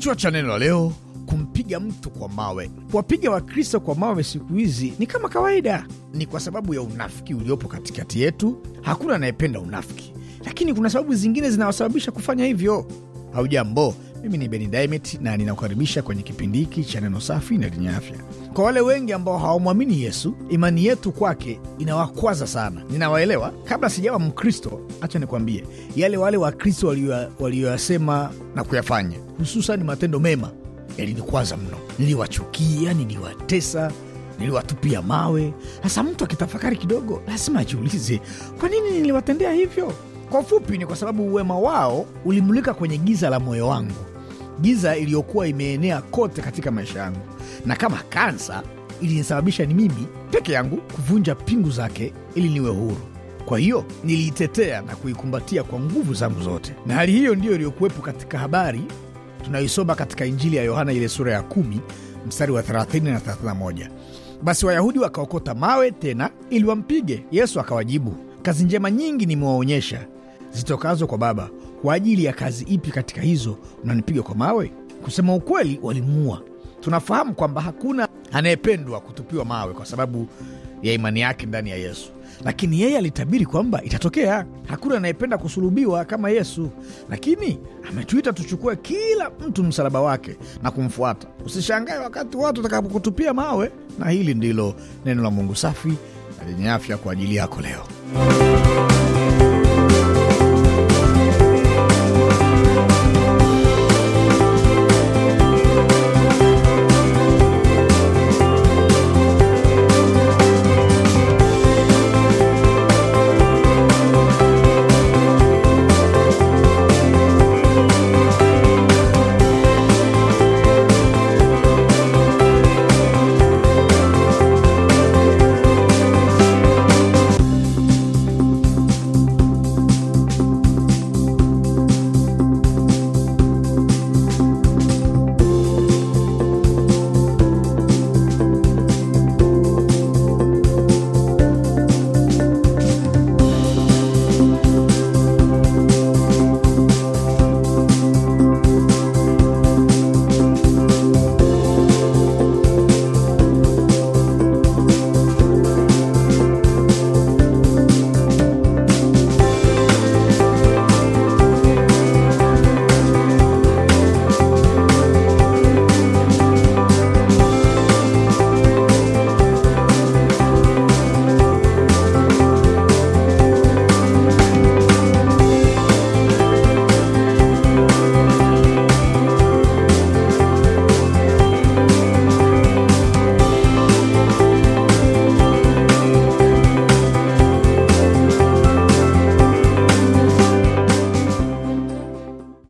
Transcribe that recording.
Kichwa cha neno la leo: kumpiga mtu kwa mawe. Kuwapiga Wakristo kwa mawe siku hizi ni kama kawaida. Ni kwa sababu ya unafiki uliopo katikati yetu. Hakuna anayependa unafiki, lakini kuna sababu zingine zinawasababisha kufanya hivyo. Haujambo, mimi ni Beni Dimet na ninakukaribisha kwenye kipindi hiki cha neno safi na lenye afya. Kwa wale wengi ambao hawamwamini Yesu, imani yetu kwake inawakwaza sana. Ninawaelewa. Kabla sijawa Mkristo, hacha nikwambie yale wale Wakristo walioyasema na kuyafanya, hususan matendo mema, yalinikwaza mno. Niliwachukia, niliwatesa niliwatupia mawe. hasa mtu akitafakari kidogo, lazima ajiulize, kwa nini niliwatendea hivyo? Kwa ufupi, ni kwa sababu uwema wao ulimulika kwenye giza la moyo wangu, giza iliyokuwa imeenea kote katika maisha yangu, na kama kansa ilinisababisha ni mimi peke yangu kuvunja pingu zake ili niwe huru. Kwa hiyo niliitetea na kuikumbatia kwa nguvu zangu zote, na hali hiyo ndiyo iliyokuwepo katika habari tunayoisoma katika Injili ya Yohana ile sura ya kumi mstari wa 30 na 31. Basi Wayahudi wakaokota mawe tena ili wampige. Yesu akawajibu, kazi njema nyingi nimewaonyesha zitokazo kwa Baba kwa ajili ya kazi ipi katika hizo unanipiga kwa mawe? Kusema ukweli, walimuua. Tunafahamu kwamba hakuna anayependwa kutupiwa mawe kwa sababu ya imani yake ndani ya Yesu, lakini yeye alitabiri kwamba itatokea. Hakuna anayependa kusulubiwa kama Yesu, lakini ametuita tuchukue kila mtu msalaba wake na kumfuata. Usishangae wakati watu watakapokutupia mawe. Na hili ndilo neno la Mungu safi na lenye afya kwa ajili yako leo.